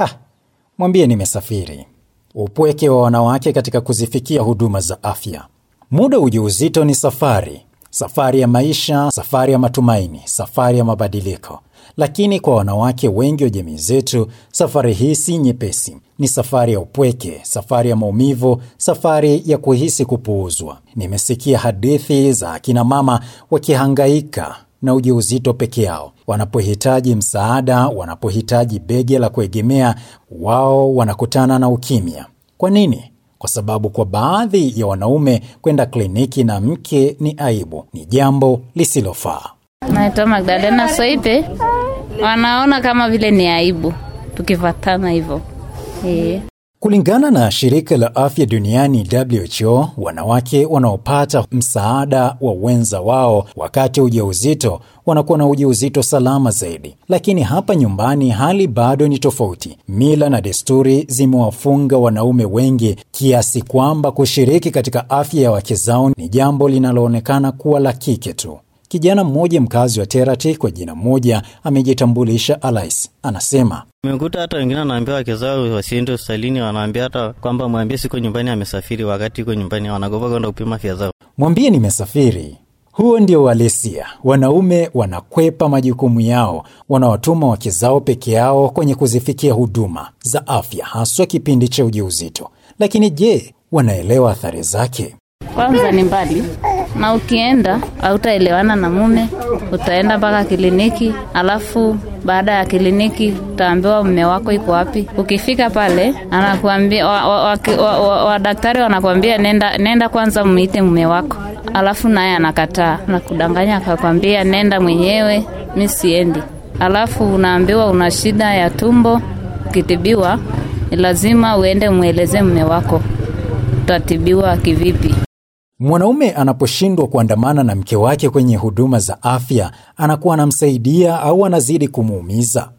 Ha, mwambie nimesafiri. Upweke wa wanawake katika kuzifikia huduma za afya. Muda ujauzito ni safari, safari ya maisha, safari ya matumaini, safari ya mabadiliko. Lakini kwa wanawake wengi wa jamii zetu, safari hii si nyepesi. Ni safari ya upweke, safari ya maumivu, safari ya kuhisi kupuuzwa. Nimesikia hadithi za akina mama wakihangaika na ujauzito peke yao. Wanapohitaji msaada, wanapohitaji bege la kuegemea, wao wanakutana na ukimya. Kwa nini? Kwa sababu kwa baadhi ya wanaume kwenda kliniki na mke ni aibu, ni jambo lisilofaa. Naitwa Magdalena Soipe. Wanaona kama vile ni aibu tukifatana hivyo. Kulingana na shirika la afya duniani WHO, wanawake wanaopata msaada wa wenza wao wakati wa ujauzito wanakuwa na ujauzito salama zaidi. Lakini hapa nyumbani hali bado ni tofauti. Mila na desturi zimewafunga wanaume wengi kiasi kwamba kushiriki katika afya ya wake zao ni jambo linaloonekana kuwa la kike tu. Kijana mmoja mkazi wa Terate kwa jina mmoja amejitambulisha Alice, anasema mekuta hata wengine wanaambia wake zao wasiende hospitalini, wanaambia hata kwamba mwambie siko nyumbani, amesafiri, wakati iko nyumbani wanagopa kwenda kupima afya zao. Mwambie nimesafiri. Huo ndio uhalisia. Wanaume wanakwepa majukumu yao, wanawatuma wake zao peke yao kwenye kuzifikia huduma za afya, haswa kipindi cha ujauzito. Lakini je, wanaelewa athari zake? Kwanza ni mbali na ukienda hautaelewana na mume, utaenda mpaka kliniki, alafu baada ya kliniki utaambiwa mume wako iko wapi. Ukifika pale anakuambia wa, wa, wa, wa, wa wanakuambia nenda, nenda kwanza mwite mume wako, alafu naye anakataa na kudanganya, akakwambia nenda mwenyewe, mi siendi. Alafu unaambiwa una shida ya tumbo, ukitibiwa ni lazima uende mweleze mume wako utatibiwa kivipi. Mwanaume anaposhindwa kuandamana na mke wake kwenye huduma za afya, anakuwa anamsaidia au anazidi kumuumiza.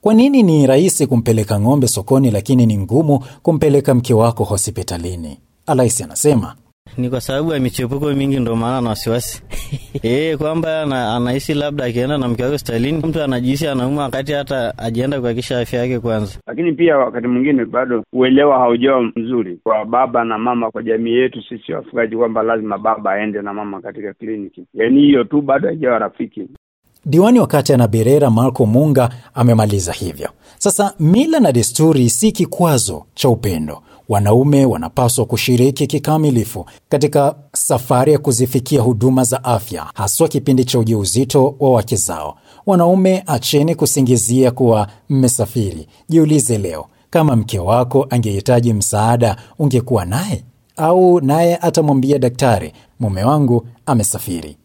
Kwa nini ni rahisi kumpeleka ng'ombe sokoni, lakini ni ngumu kumpeleka mke wako hospitalini? Alaisi anasema ni kwa sababu ya michepuko mingi, ndomaana maana na wasiwasi eh, kwamba anahisi labda akienda na mke wake hospitalini mtu anajihisi anauma, wakati hata ajienda kuhakikisha afya yake kwanza. Lakini pia wakati mwingine bado uelewa haujawa mzuri kwa baba na mama, kwa jamii yetu sisi wafugaji, kwamba lazima baba aende na mama katika kliniki. Yani hiyo tu bado haijawa rafiki. Diwani wa kata ya Naberera Marco Munga amemaliza hivyo. Sasa mila na desturi si kikwazo cha upendo. Wanaume wanapaswa kushiriki kikamilifu katika safari ya kuzifikia huduma za afya, haswa kipindi cha ujauzito wa wake zao. Wanaume, acheni kusingizia kuwa mmesafiri. Jiulize leo, kama mke wako angehitaji msaada, ungekuwa naye au naye atamwambia daktari, mume wangu amesafiri?